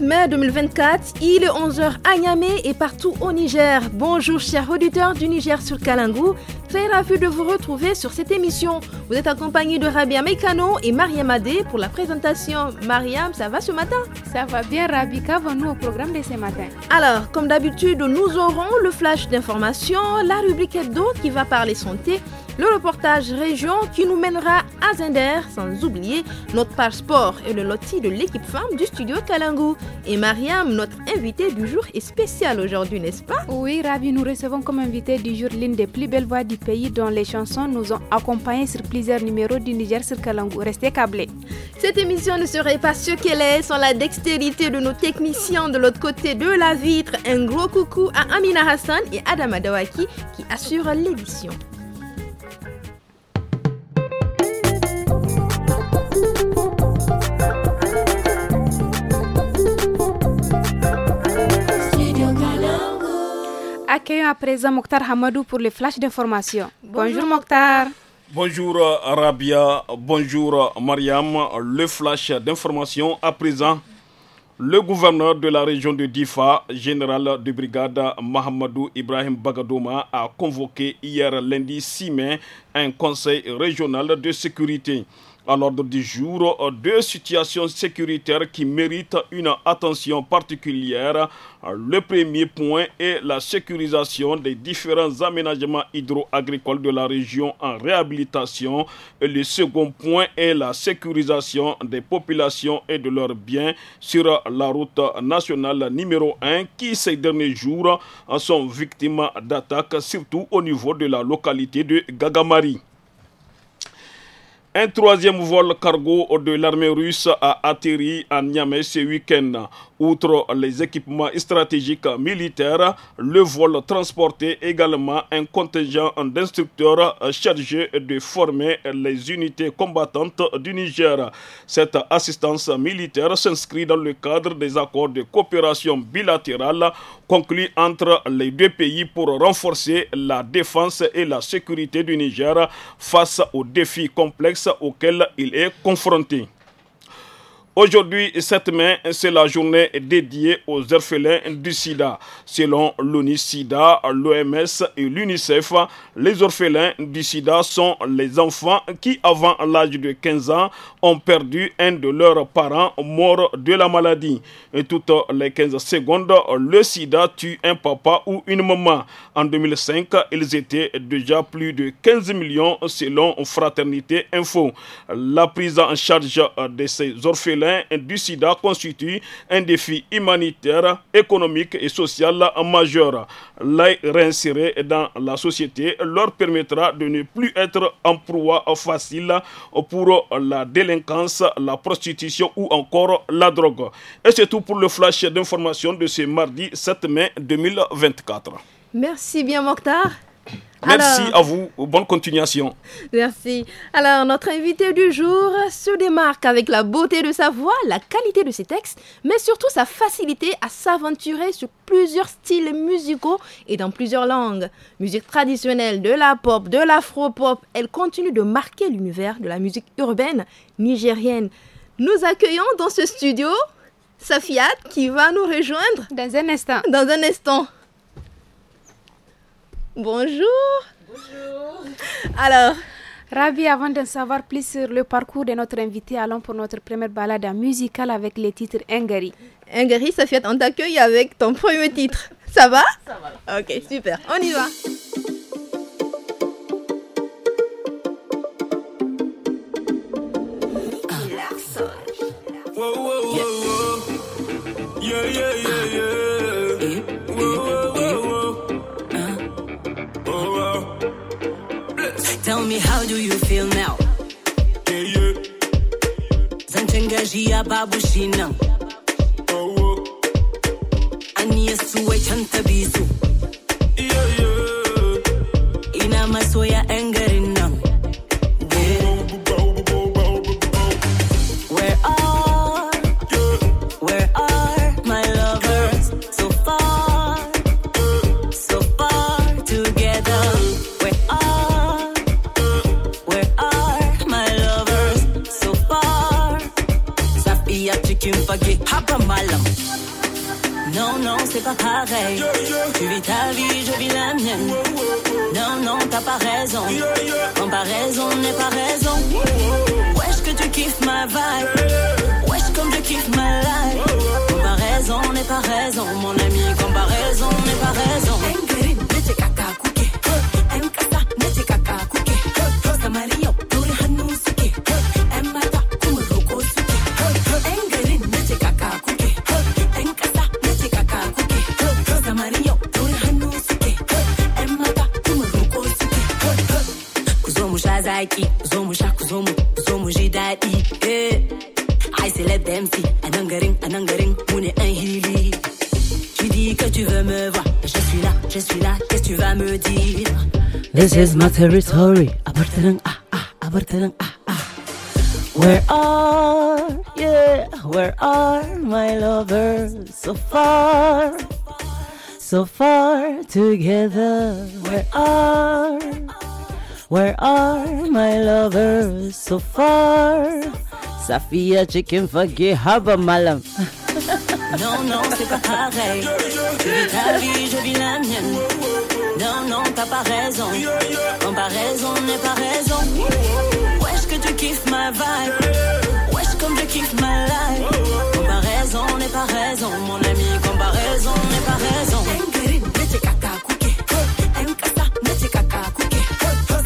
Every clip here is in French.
mai 2024, il est 11h à Niamey et partout au Niger. Bonjour chers auditeurs du Niger sur Kalangou, très ravi de vous retrouver sur cette émission. Vous êtes accompagné de Rabia Mekano et Mariam Adé pour la présentation. Mariam, ça va ce matin Ça va bien Rabi, qu'avons-nous au programme de ce matin Alors, comme d'habitude, nous aurons le flash d'information, la rubrique d'eau qui va parler santé, le reportage région qui nous mènera sans oublier notre passeport et le loti de l'équipe femme du studio Kalangu. Et Mariam, notre invitée du jour, est spéciale aujourd'hui, n'est-ce pas Oui, Ravi, nous recevons comme invitée du jour l'une des plus belles voix du pays dont les chansons nous ont accompagnés sur plusieurs numéros du Niger sur Kalangu. Restez câblés. Cette émission ne serait pas ce qu'elle est sans la dextérité de nos techniciens de l'autre côté de la vitre. Un gros coucou à Amina Hassan et Adama Dawaki qui assurent l'édition. accueillons à présent Mokhtar Hamadou pour le flash d'information. Bonjour, Mokhtar. Bonjour euh, Rabia, bonjour euh, Mariam. Le flash d'information à présent. Le gouverneur de la région de Difa, général de brigade Mahamadou Ibrahim Bagadouma, a convoqué hier lundi 6 mai un conseil régional de sécurité à l'ordre du jour deux situations sécuritaires qui méritent une attention particulière. Le premier point est la sécurisation des différents aménagements hydro-agricoles de la région en réhabilitation. le second point est la sécurisation des populations et de leurs biens sur la route nationale numéro 1 qui ces derniers jours sont victimes d'attaques surtout au niveau de la localité de Gagamari. Un troisième vol cargo de l'armée russe a atterri à Niamey ce week-end. Outre les équipements stratégiques militaires, le vol transportait également un contingent d'instructeurs chargés de former les unités combattantes du Niger. Cette assistance militaire s'inscrit dans le cadre des accords de coopération bilatérale conclus entre les deux pays pour renforcer la défense et la sécurité du Niger face aux défis complexes auquel il est confronté. Aujourd'hui, cette main, c'est la journée dédiée aux orphelins du sida. Selon l'ONU-SIDA, l'OMS et l'UNICEF, les orphelins du sida sont les enfants qui, avant l'âge de 15 ans, ont perdu un de leurs parents morts de la maladie. toutes les 15 secondes, le sida tue un papa ou une maman. En 2005, ils étaient déjà plus de 15 millions selon Fraternité Info. La prise en charge de ces orphelins du sida constitue un défi humanitaire, économique et social majeur. l'a réinsérer dans la société leur permettra de ne plus être en proie facile pour la délinquance, la prostitution ou encore la drogue. Et c'est tout pour le flash d'information de ce mardi 7 mai 2024. Merci bien, Mokhtar. Merci à vous. Bonne continuation. Merci. Alors, notre invité du jour se démarque avec la beauté de sa voix, la qualité de ses textes, mais surtout sa facilité à s'aventurer sur plusieurs styles musicaux et dans plusieurs langues. Musique traditionnelle, de la pop, de l'afro-pop, elle continue de marquer l'univers de la musique urbaine nigérienne. Nous accueillons dans ce studio Safiat qui va nous rejoindre dans un instant. Dans un instant. Bonjour. Bonjour. Alors, Ravi, avant de savoir plus sur le parcours de notre invité, allons pour notre première balade musicale avec les titres Engari. Engari, ça fait on t'accueille avec ton premier titre. Ça va Ça va. Ok, super. On y va. Tell me how do you feel now? Yeah, yeah. ya babushina. Oh, oh. Aniyesu chanta bisu. Yeah, yeah. Ina maso ya engarin propagé pas mal. Non, non, c'est pas pareil. Tu vis ta vie, je vis la mienne. Non, non, t'as pas raison. Yeah, Comparaison n'est pas raison. Wesh, que tu kiffes ma vibe. Wesh, comme je kiffe ma life. Comparaison n'est pas raison, mon ami. This is my territory. Ah, ah, ah, where are, yeah, where are my lovers so far? So far together, where are, where are my lovers so far? Safia chicken fagi haba malam. non, non, c'est pas pareil. Tu vis ta vie, je vis la mienne. Non, non, t'as pas raison. Comparaison n'est pas raison. Wesh, que tu kiffes ma vibe. Wesh, comme je kiffe ma life. Comparaison n'est pas raison, mon ami. Comparaison n'est pas raison.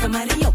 Mario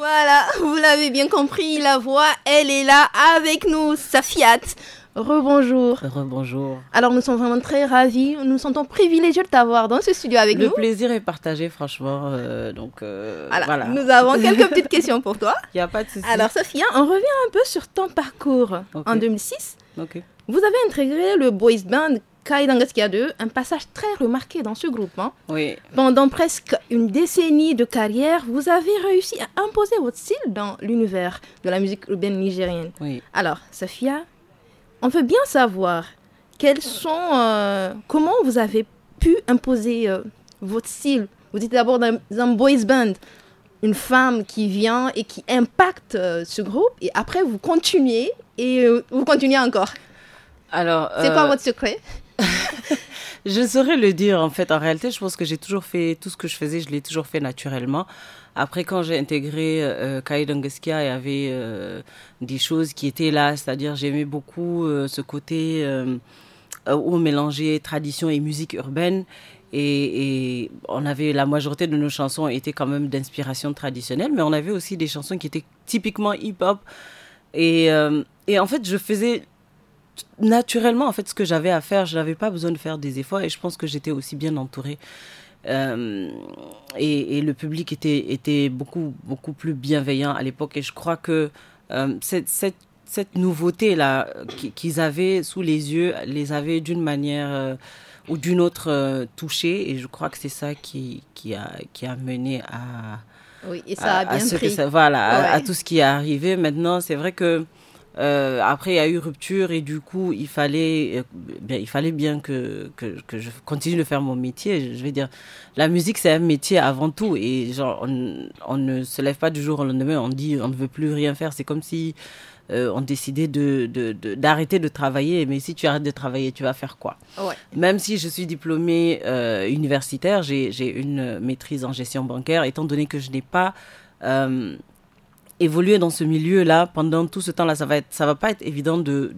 Voilà, vous l'avez bien compris, la voix, elle est là avec nous, Safiat. Rebonjour. Rebonjour. Alors nous sommes vraiment très ravis, nous nous sentons privilégiés de t'avoir dans ce studio avec nous. Le plaisir est partagé, franchement. Euh, donc euh, voilà. Nous avons quelques petites questions pour toi. Il n'y a pas de souci. Alors Safia, on revient un peu sur ton parcours en 2006. Vous avez intégré le boys band deux un passage très remarqué dans ce groupe Pendant presque une décennie de carrière, vous avez réussi à imposer votre style dans l'univers de la musique urbaine nigérienne. Alors, Safia, on veut bien savoir quels sont, euh, comment vous avez pu imposer euh, votre style. Vous étiez d'abord dans un boys band, une femme qui vient et qui impacte euh, ce groupe, et après vous continuez et vous continuez encore. Alors, c'est quoi votre secret je saurais le dire en fait. En réalité, je pense que j'ai toujours fait tout ce que je faisais, je l'ai toujours fait naturellement. Après, quand j'ai intégré euh, Dangaskia, il y avait euh, des choses qui étaient là, c'est-à-dire j'aimais beaucoup euh, ce côté euh, où on mélangeait tradition et musique urbaine. Et, on avait la majorité de nos chansons étaient quand même d'inspiration traditionnelle, mais on avait aussi des chansons qui étaient typiquement hip-hop. et en fait, je faisais naturellement, en fait, ce que j'avais à faire, je n'avais pas besoin de faire des efforts et je pense que j'étais aussi bien entourée. Euh, et, le public était, était beaucoup, beaucoup plus bienveillant à l'époque et je crois que euh, cette, cette, cette nouveauté-là qu'ils avaient sous les yeux les avait d'une manière euh, ou d'une autre touchée et je crois que c'est ça qui, qui, a, qui a mené à... Oui, ça à, ça, voilà, à, tout ce qui est arrivé. Maintenant, c'est vrai que euh, après, il y a eu rupture et du coup, il fallait, euh, bien, il fallait bien que, que, que, je continue de faire mon métier. Je veux dire, la musique, c'est un métier avant tout. Et genre, on, ne se lève pas du jour au lendemain, on dit, on ne veut plus rien faire. C'est comme si euh, on décidait de, d'arrêter de, travailler. Mais si tu arrêtes de travailler, tu vas faire quoi Même si je suis diplômée universitaire, j'ai, une maîtrise en gestion bancaire, étant donné que je n'ai pas évoluer dans ce milieu-là pendant tout ce temps-là, ça va être, ça va pas être évident de,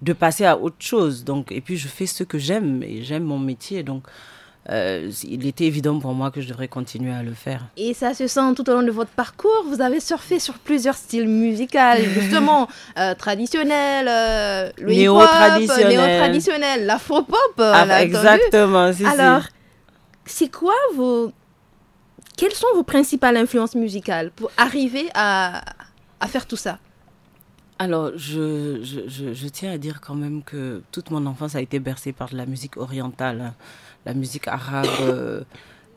de, passer à autre chose. Donc, et puis je fais ce que j'aime et j'aime mon métier, donc. Euh, il était évident pour moi que je devrais continuer à le faire. Et ça se sent tout au long de votre parcours. Vous avez surfé sur plusieurs styles musicaux, justement euh, traditionnels, traditionnel, euh, le néo-traditionnel, la ah, traditionnel pop exactement, si, Alors, c'est quoi vos quelles sont vos principales influences musicales pour arriver à, à faire tout ça alors, je, je, je, tiens à dire quand même que toute mon enfance a été bercée par de la musique orientale, la musique arabe euh,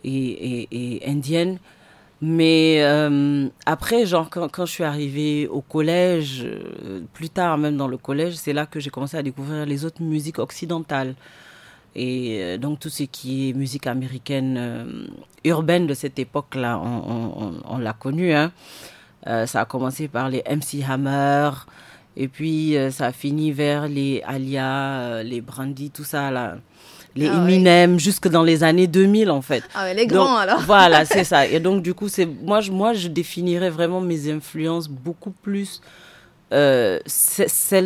et, et, indienne. Mais euh, après, genre, quand, quand, je suis arrivée au collège, euh, plus tard même dans le collège, c'est là que j'ai commencé à découvrir les autres musiques occidentales. Et donc tout ce qui est musique américaine, urbaine de cette époque-là, on, l'a connu hein. euh, ça a commencé par les MC Hammer, et puis euh, ça a fini vers les Alia, euh, les Brandy, tout ça, les ah Eminem, jusque dans les années 2000 en fait. Ah, les grands alors. voilà, c'est ça. Et donc du coup, c'est moi, je, moi, je définirais vraiment mes influences beaucoup plus. celle,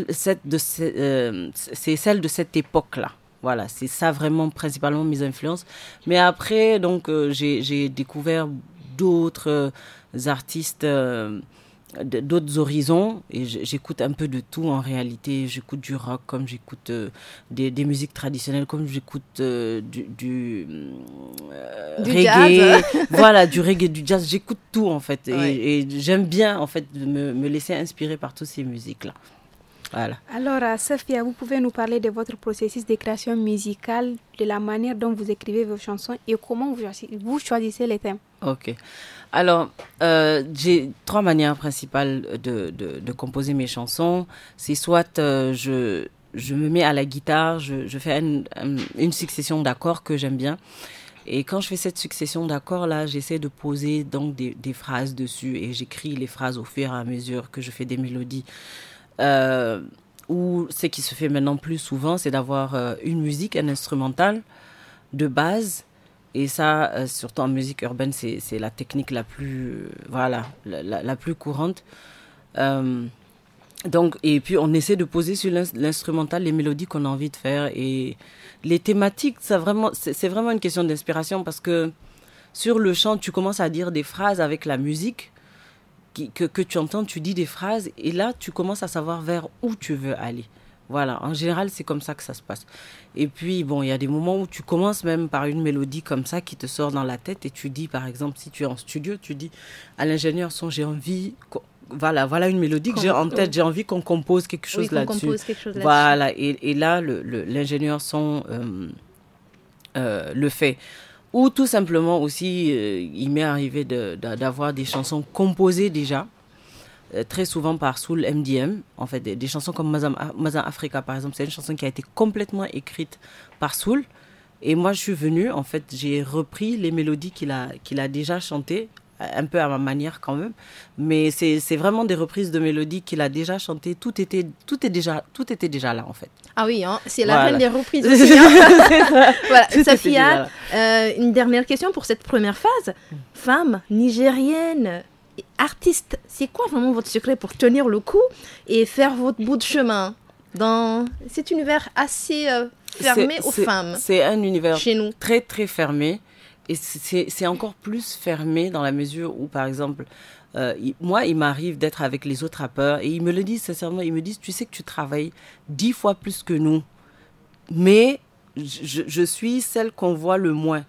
de, c'est celle de cette époque-là. Voilà, c'est ça vraiment principalement mes influences. Mais après, donc, euh, j'ai découvert d'autres euh, artistes, euh, d'autres horizons. Et j'écoute un peu de tout en réalité. J'écoute du rock, comme j'écoute des, musiques traditionnelles, comme j'écoute du, reggae. voilà, du reggae, du jazz. J'écoute tout en fait. Et, j'aime bien en fait me laisser inspirer par toutes ces musiques-là. Alors, euh, Sophia vous pouvez nous parler de votre processus de création musicale, de la manière dont vous écrivez vos chansons et comment vous, choisissez, les thèmes. Ok. Alors, euh, j'ai trois manières principales de, composer mes chansons. C'est soit euh, je, me mets à la guitare, je, fais une, succession d'accords que j'aime bien. Et quand je fais cette succession d'accords là, j'essaie de poser donc des phrases dessus et j'écris les phrases au fur et à mesure que je fais des mélodies. Euh, ou ce qui se fait maintenant plus souvent, c'est d'avoir euh, une musique, un instrumental de base. Et ça, euh, surtout en musique urbaine, c'est la technique la plus, euh, voilà, la, plus courante. donc, et puis on essaie de poser sur l'instrumental les mélodies qu'on a envie de faire et les thématiques. Ça vraiment, c'est vraiment une question d'inspiration parce que sur le chant, tu commences à dire des phrases avec la musique que, tu entends, tu dis des phrases et là, tu commences à savoir vers où tu veux aller. Voilà, en général, c'est comme ça que ça se passe. Et puis, bon, il y a des moments où tu commences même par une mélodie comme ça qui te sort dans la tête et tu dis, par exemple, si tu es en studio, tu dis à l'ingénieur son, j'ai envie voilà, voilà une mélodie que j'ai en tête. J'ai envie qu'on compose quelque chose oui, là-dessus. voilà, et, là, l'ingénieur son euh, euh, le fait ou tout simplement aussi, euh, il m'est arrivé d'avoir des chansons composées déjà, euh, très souvent par Soul MDM. En fait, des, chansons comme Mazam, Africa, par exemple, c'est une chanson qui a été complètement écrite par Soul. Et moi, je suis venue, en fait, j'ai repris les mélodies qu'il a, qu'il a déjà chantées un peu à ma manière quand même. Mais c'est vraiment des reprises de mélodies qu'il a déjà chantées. Tout était, tout, est déjà, tout était déjà là, en fait. Ah oui, hein. c'est la voilà. reine des reprises aussi. Hein. voilà. Safia, euh, une dernière question pour cette première phase. Femme nigérienne, artiste, c'est quoi vraiment votre secret pour tenir le coup et faire votre bout de chemin dans cet univers assez euh, fermé aux femmes C'est un univers chez nous. très, très fermé. Et c'est encore plus fermé dans la mesure où, par exemple, euh, moi, il m'arrive d'être avec les autres rappeurs et ils me le disent sincèrement. Ils me disent, tu sais que tu travailles dix fois plus que nous, mais je, suis celle qu'on voit le moins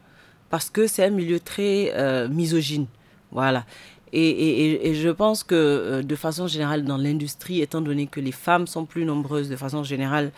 parce que c'est un milieu très euh, misogyne. Voilà. Et, et, et, je pense que euh, de façon générale dans l'industrie, étant donné que les femmes sont plus nombreuses de façon générale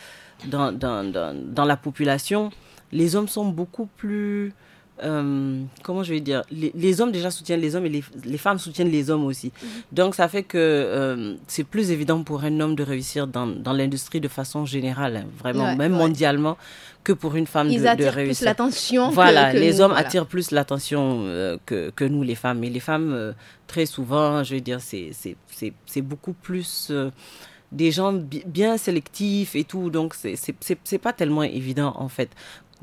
dans, dans, dans, dans la population, les hommes sont beaucoup plus euh, comment je vais dire, les, les, hommes déjà soutiennent les hommes et les, les femmes soutiennent les hommes aussi. Mhm. Donc ça fait que euh, c'est plus évident pour un homme de réussir dans, dans l'industrie de façon générale, hein, vraiment, même mondialement, que pour une femme Ils de, attirent de attirent plus l'attention. Voilà, les hommes attirent plus l'attention euh, que, que, nous, les femmes. Et les femmes, très souvent, je veux dire, c'est beaucoup plus des gens bien sélectifs et tout. Donc, c'est pas tellement évident, en fait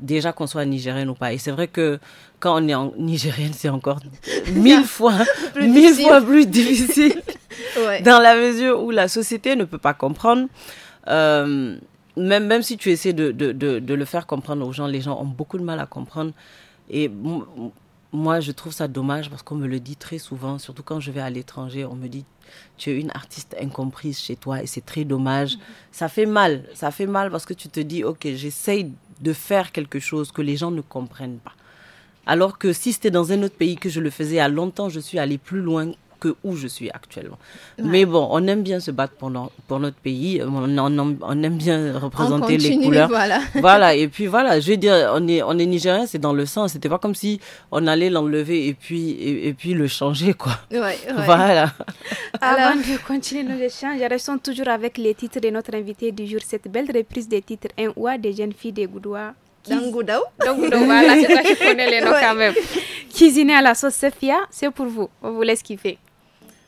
déjà qu'on soit nigérienne ou pas. Et c'est vrai que quand on est en nigérienne, c'est encore mille fois, mille fois plus difficile, dans la mesure où la société ne peut pas comprendre. Euh, même, même si tu essaies de, de, de, le faire comprendre aux gens, les gens ont beaucoup de mal à comprendre. Et moi, je trouve ça dommage parce qu'on me le dit très souvent, surtout quand je vais à l'étranger, on me dit tu es une artiste incomprise chez toi et c'est très dommage. Mm-hmm. Ça fait mal, ça fait mal parce que tu te dis ok, j'essaye de faire quelque chose que les gens ne comprennent pas. Alors que si c'était dans un autre pays que je le faisais à longtemps, je suis allé plus loin que où je suis actuellement. Mais bon, on aime bien se battre pour, notre pays, euh, on, aime bien représenter les couleurs. Voilà. voilà. et puis voilà, je veux dire, on est, on est nigérien, c'est dans le sang, c'était pas comme si on allait l'enlever et puis, et, puis le changer, quoi. Voilà. Avant de continuer nos échanges, restons toujours avec les titres de notre invité du jour, cette belle reprise des titres Un oua des jeunes filles des Goudoua. Dangoudou. Dangoudou. voilà, c'est connais les noms quand même. Cuisiner à la sauce Sophia », c'est pour vous. On vous laisse kiffer.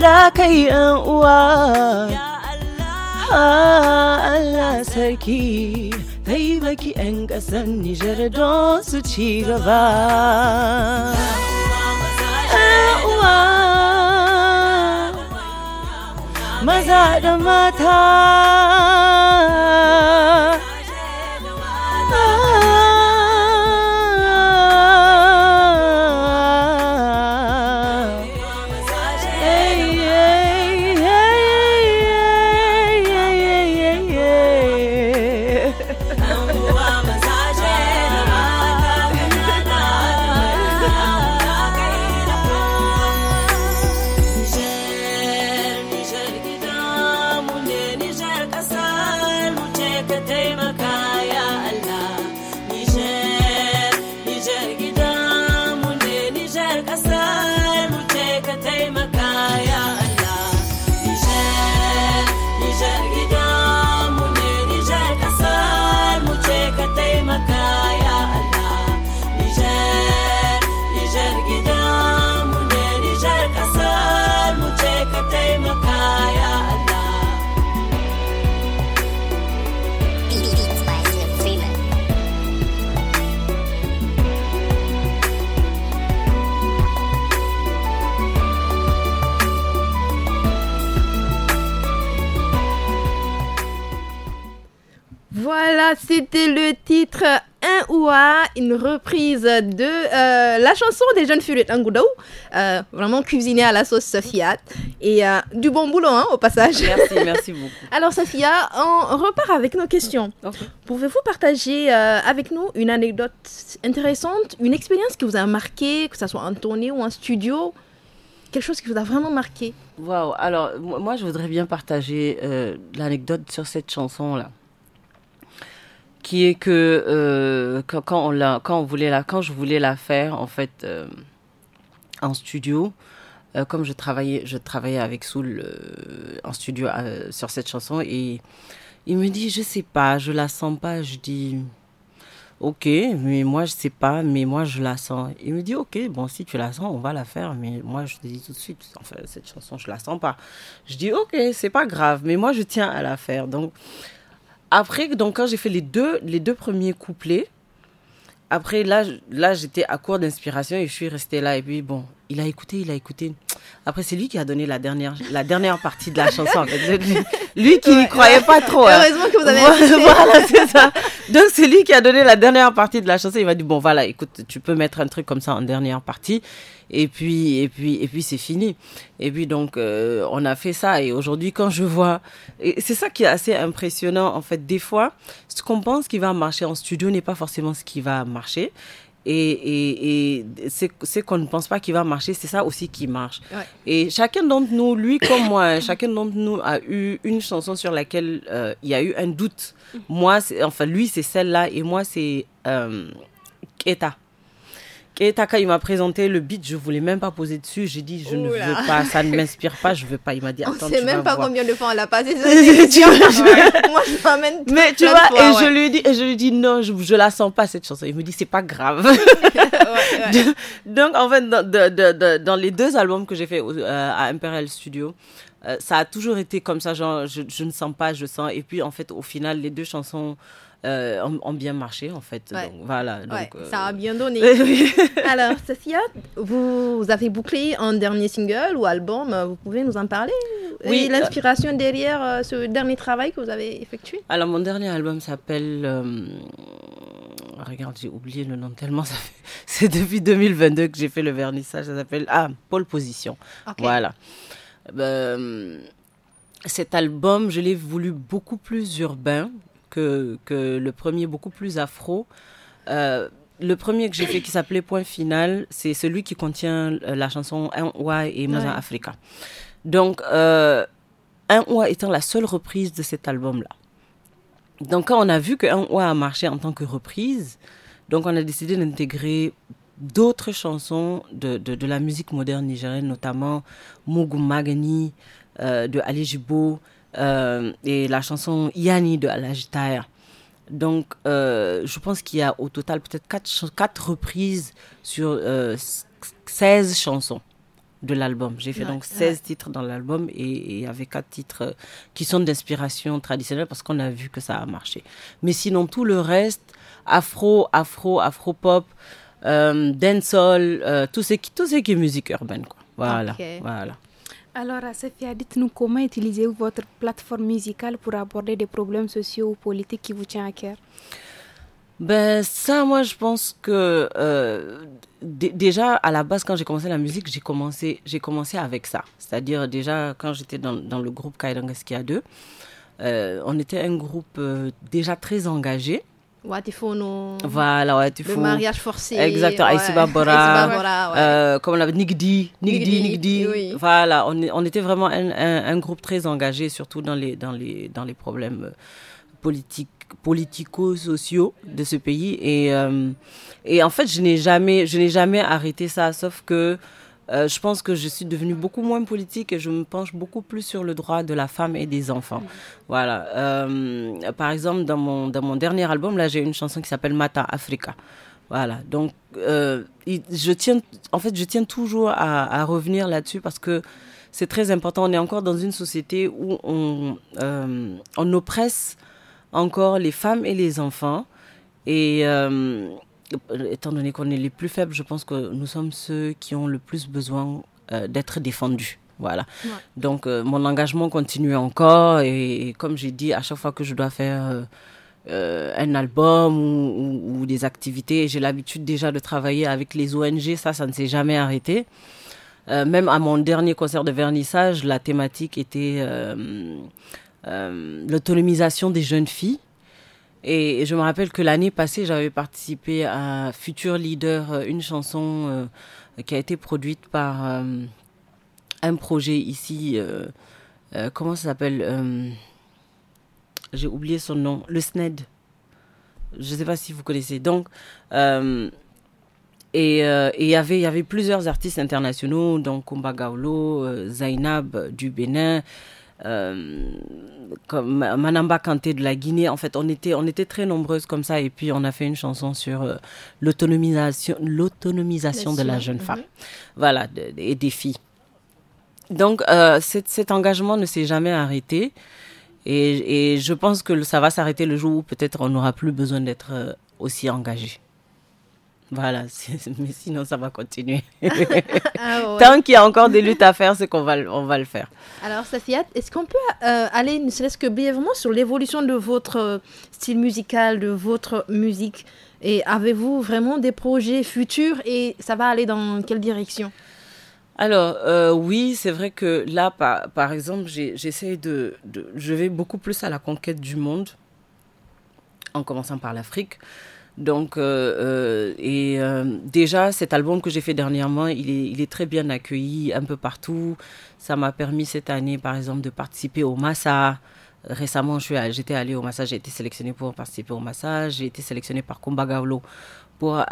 da kai yan uwa ah, Allah sarki baki 'yan ƙasar Nijar don su ci gaba. Ah, uwa maza da mata. oh, I'm a c'était le titre Un Oua, une reprise de euh, la chanson des jeunes filles de euh, vraiment cuisinée à la sauce Sophia. Et euh, du bon boulot, hein, au passage. Merci, merci beaucoup. Alors, Sophia, on repart avec nos questions. Pouvez-vous partager avec nous une anecdote intéressante, une expérience qui vous a marqué, que ce soit en tournée ou en studio quelque chose qui vous a vraiment marqué Waouh Alors, moi, je voudrais bien partager l'anecdote sur cette chanson-là qui est que euh, quand, on quand on voulait quand je voulais la faire en fait euh, en studio, euh, comme je travaillais, je travaillais avec Soul en studio sur cette chanson et il me dit je sais pas, je la sens pas, je dis ok, mais moi je sais pas, mais moi je la sens. Il me dit ok, bon si tu la sens, on va la faire, mais moi je te dis tout de suite, enfin cette chanson je la sens pas. Je dis ok, c'est pas grave, mais moi je tiens à la faire donc. Après, donc, quand j'ai fait les deux, les deux premiers couplets, après, là, là j'étais à court d'inspiration et je suis restée là. Et puis, bon, il a écouté, il a écouté. Après, c'est lui qui a donné la dernière, la dernière partie de la chanson. En fait. lui, qui n'y croyait pas trop. Hein. Heureusement que vous avez voilà c'est ça. Donc, c'est lui qui a donné la dernière partie de la chanson. Il m'a dit, bon, voilà, écoute, tu peux mettre un truc comme ça en dernière partie et puis et puis et puis c'est fini. Et puis donc euh, on a fait ça et aujourd'hui quand je vois c'est ça qui est assez impressionnant en fait des fois ce qu'on pense qui va marcher en studio n'est pas forcément ce qui va marcher et, et, c'est qu'on ne pense pas qui va marcher, c'est ça aussi qui marche. Et chacun d'entre nous, lui comme moi, hein, chacun d'entre nous a eu une chanson sur laquelle euh, il y a eu un doute. Mm. Moi, enfin lui, c'est celle-là et moi, c'est euh, Eta. Et Taka, il m'a présenté le beat, je voulais même pas poser dessus. J'ai dit, je ne veux pas, ça ne m'inspire pas, je veux pas. Il m'a dit, attends, on sait même pas combien de fois elle a passé. Moi, je m'amène. Mais tu vois, et je lui dis, et je lui dis, non, je, je la sens pas cette chanson. Il me dit, c'est pas grave. Donc, en fait, dans, dans, les deux albums que j'ai fait euh, à Imperial Studio, euh, ça a toujours été comme ça, genre, je, je, ne sens pas, je sens. Et puis, en fait, au final, les deux chansons euh, ont, bien marché en fait. Donc, voilà. Ça euh, a bien donné. Alors, Cecilia vous avez bouclé un dernier single ou album, euh, vous pouvez nous en parler Oui. l'inspiration derrière ce dernier travail que vous avez effectué Alors, mon dernier album s'appelle. Regarde, j'ai oublié le nom tellement. Ça fait... C'est depuis 2022 que j'ai fait le vernissage. Ça s'appelle Ah, Pole Position. Voilà. cet album, je l'ai voulu beaucoup plus urbain que, le premier, beaucoup plus afro. Euh, le premier que j'ai fait qui s'appelait Point Final, c'est celui qui contient euh, la chanson Un et Moza Africa. Donc, euh, Un Ouai étant la seule reprise de cet album-là. Donc, quand on a vu que Un Ouai a marché en tant que reprise, donc on a décidé d'intégrer d'autres chansons de, de, la musique moderne nigérienne, notamment Mugu Magani euh, de Ali Jibo, euh, et la chanson Yanni » de Alajitaya. Donc, euh, je pense qu'il y a au total peut-être 4, reprises sur 16 euh, chansons de l'album. J'ai fait donc 16 titres dans l'album et, il y avait 4 titres qui sont d'inspiration traditionnelle parce qu'on a vu que ça a marché. Mais sinon, tout le reste, afro, afro, afropop, pop euh, dancehall, tout, ce qui, tout qui est musique urbaine. Quoi. Voilà, voilà. Alors, Sophia, dites-nous comment utilisez-vous votre plateforme musicale pour aborder des problèmes sociaux ou politiques qui vous tiennent à cœur ben ça, moi, je pense que euh, déjà à la base, quand j'ai commencé la musique, j'ai commencé, commencé avec ça. C'est-à-dire déjà quand j'étais dans, le groupe Kaidangaskia 2, euh, on était un groupe euh, déjà très engagé voilà le mariage forcé exactement Aïsiba Bora euh, comme on l'avait Nigdi Nigdi Nigdi voilà on, on était vraiment un, un, un, groupe très engagé surtout dans les dans les dans les problèmes euh, politiques politico-sociaux de ce pays et euh, et en fait je n'ai jamais je n'ai jamais arrêté ça sauf que euh, je pense que je suis devenue beaucoup moins politique et je me penche beaucoup plus sur le droit de la femme et des enfants. Mm-hmm. Voilà. Euh, par exemple, dans mon, dans mon dernier album, là, j'ai une chanson qui s'appelle Mata Africa. Voilà. Donc, euh, je tiens, en fait, je tiens toujours à, revenir là-dessus parce que c'est très important. On est encore dans une société où on, on oppresse encore les femmes et les enfants. Et étant donné qu'on est les plus faibles, je pense que nous sommes ceux qui ont le plus besoin euh, d'être défendus. Voilà. Donc euh, mon engagement continue encore et, comme j'ai dit, à chaque fois que je dois faire euh, un album ou des activités, j'ai l'habitude déjà de travailler avec les ONG, ça, ça ne s'est jamais arrêté. même à mon dernier concert de vernissage, la thématique était l'autonomisation des jeunes filles. Et je me rappelle que l'année passée, j'avais participé à Future Leader, euh, une chanson euh, qui a été produite par euh, un projet ici. comment ça s'appelle J'ai oublié son nom. Le SNED. Je ne sais pas si vous connaissez. Donc. Et il y avait, y avait plusieurs artistes internationaux, donc Kumba Zainab du Bénin, euh, comme Manamba Kanté de la Guinée. En fait, on était, on était très nombreuses comme ça. Et puis, on a fait une chanson sur euh, l'autonomisation, l'autonomisation de la jeune femme. Mhm. Voilà, et des filles. Donc, euh, cet, engagement ne s'est jamais arrêté. Et, et, je pense que ça va s'arrêter le jour où peut-être on n'aura plus besoin d'être aussi engagé. Voilà, mais sinon ça va continuer. Ah Tant qu'il y a encore des luttes à faire, c'est qu'on va, on va le faire. Alors Safia, est-ce qu'on peut euh, aller, ne serait-ce que brièvement, sur l'évolution de votre euh, style musical, de votre musique Et avez-vous vraiment des projets futurs et ça va aller dans quelle direction alors euh, oui, c'est vrai que là, par, par exemple, j'essaie de, de, Je vais beaucoup plus à la conquête du monde, en commençant par l'Afrique. Donc, euh, euh, et euh, déjà, cet album que j'ai fait dernièrement, il est, très bien accueilli un peu partout. Ça m'a permis cette année, par exemple, de participer au Massa. Récemment, j'étais allée au Massa, j'ai été sélectionnée pour participer au Massa. J'ai été sélectionnée par Kumba pour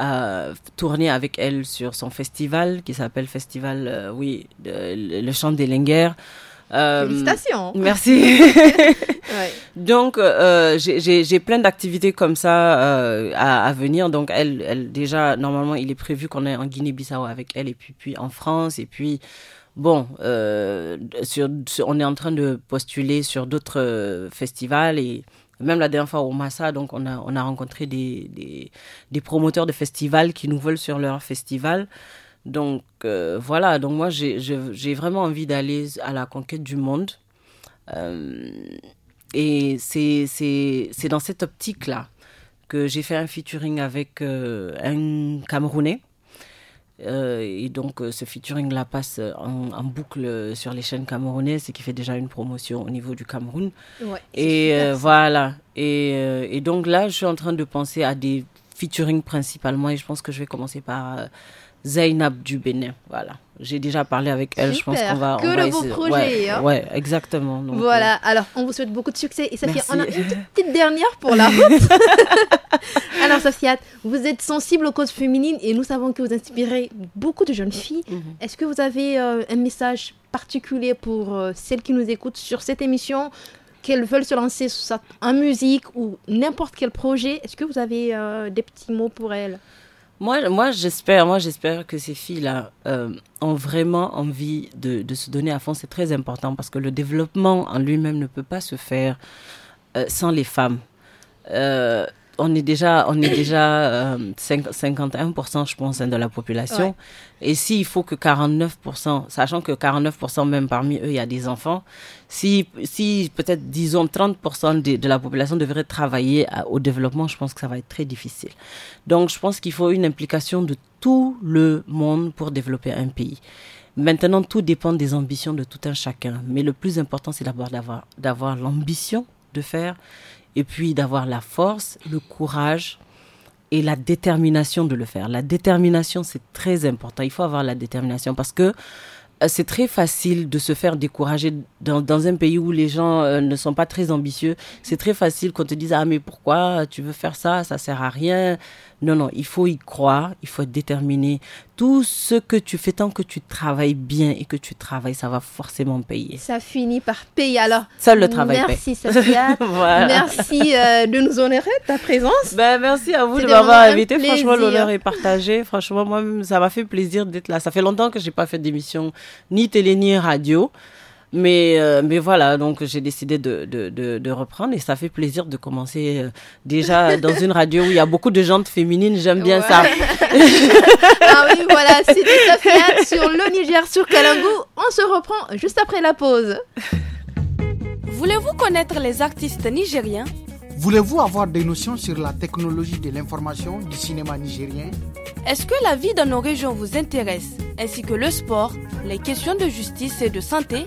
tourner avec elle sur son festival qui s'appelle Festival, oui, le chant des Lingères. Euh, Félicitations. Merci. Donc, euh, j'ai plein d'activités comme ça euh, à, à, venir. Donc, elle, elle, déjà, normalement, il est prévu qu'on est en Guinée-Bissau avec elle et puis, puis en France. Et puis, bon, sur, on est en train de postuler sur d'autres festivals et même la dernière fois au Massa, donc on a, on a rencontré des, des, des promoteurs de festivals qui nous veulent sur leur festival. Donc euh, voilà, donc moi j'ai vraiment envie d'aller à la conquête du monde. Euh, et c'est dans cette optique-là que j'ai fait un featuring avec euh, un Camerounais. et donc ce featuring-là passe en, boucle sur les chaînes camerounaises, et qui fait déjà une promotion au niveau du Cameroun. et voilà. Et, et, donc là, je suis en train de penser à des featuring principalement, et je pense que je vais commencer par Zainab du Voilà. J'ai déjà parlé avec elle, je pense qu'on va. Que le projet. Hein. Ouais, exactement. voilà, euh, alors on vous souhaite beaucoup de succès. Et ça on a une petite, dernière pour la route. alors, Sophia, vous êtes sensible aux causes féminines et nous savons que vous inspirez beaucoup de jeunes filles. Mhm. Est-ce que vous avez euh, un message particulier pour euh, celles qui nous écoutent sur cette émission qu'elles veulent se lancer en musique ou n'importe quel projet, est-ce que vous avez des petits mots pour elles moi, moi j'espère, moi j'espère que ces filles-là euh, ont vraiment envie de, se donner à fond. C'est très important parce que le développement en lui-même ne peut pas se faire euh, sans les femmes. Euh, on est déjà, on est déjà 51%, euh, je pense, hein, de la population. Et s'il faut que 49%, sachant que 49% même parmi eux, il y a des enfants, si, peut-être, disons, 30% de, la population devrait travailler au développement, je pense que ça va être très difficile. Donc, je pense qu'il faut une implication de tout le monde pour développer un pays. Maintenant, tout dépend des ambitions de tout un chacun. Mais le plus important, c'est d'abord d'avoir l'ambition de faire et puis d'avoir la force, le courage et la détermination de le faire. La détermination, c'est très important. Il faut avoir la détermination parce que euh, c'est très facile de se faire décourager dans, un pays où les gens euh, ne sont pas très ambitieux. C'est très facile qu'on te dise ah mais pourquoi tu veux faire ça, ça sert à rien. Non, non, il faut y croire, il faut être déterminé. Tout ce que tu fais, tant que tu travailles bien et que tu travailles, ça va forcément payer. Ça finit par payer. Alors, seul le travail merci, paye. Sophia. Merci euh, de nous honorer de ta présence. Ben, merci à vous de m'avoir invité. Franchement, l'honneur est partagé. Franchement, moi, même ça m'a fait plaisir d'être là. Ça fait longtemps que j'ai pas fait d'émission ni télé ni radio. Euh, mais, voilà, donc j'ai décidé de, reprendre et ça fait plaisir de commencer euh, déjà dans une radio où il y a beaucoup de gens féminines. J'aime bien ça. ah oui, voilà, c'était fait sur le Niger sur Kalangu. On se reprend juste après la pause. Voulez-vous connaître les artistes nigériens Voulez-vous avoir des notions sur la technologie de l'information du cinéma nigérien Est-ce que la vie dans nos régions vous intéresse, ainsi que le sport, les questions de justice et de santé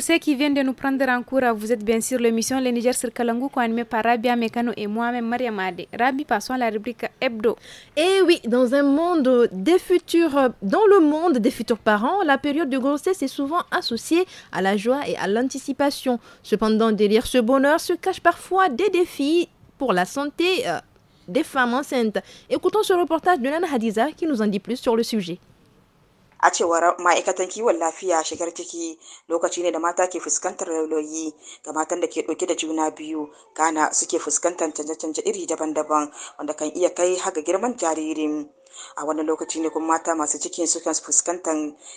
pour ceux qui viennent de nous prendre en cours, vous êtes bien sûr l'émission Le Niger sur Kalangu, animée par Rabia Mekano et moi-même Maria Rabi, passons à la rubrique hebdo. Et eh oui, dans un monde des futurs, dans le monde des futurs parents, la période de grossesse est souvent associée à la joie et à l'anticipation. Cependant, derrière ce bonheur se cachent parfois des défis pour la santé euh, des femmes enceintes. Écoutons ce reportage de Nana Hadiza qui nous en dit plus sur le sujet. a cewar ma'aikatan kiwon lafiya shigar ciki lokaci ne da mata ke fuskantar lauyoyi ga matan da ke ɗauke da juna biyu kana suke fuskantar canje-canje iri daban-daban wanda kan iya kai haga girman jaririn a wani lokaci ne kuma mata masu cikin sukan fuskantar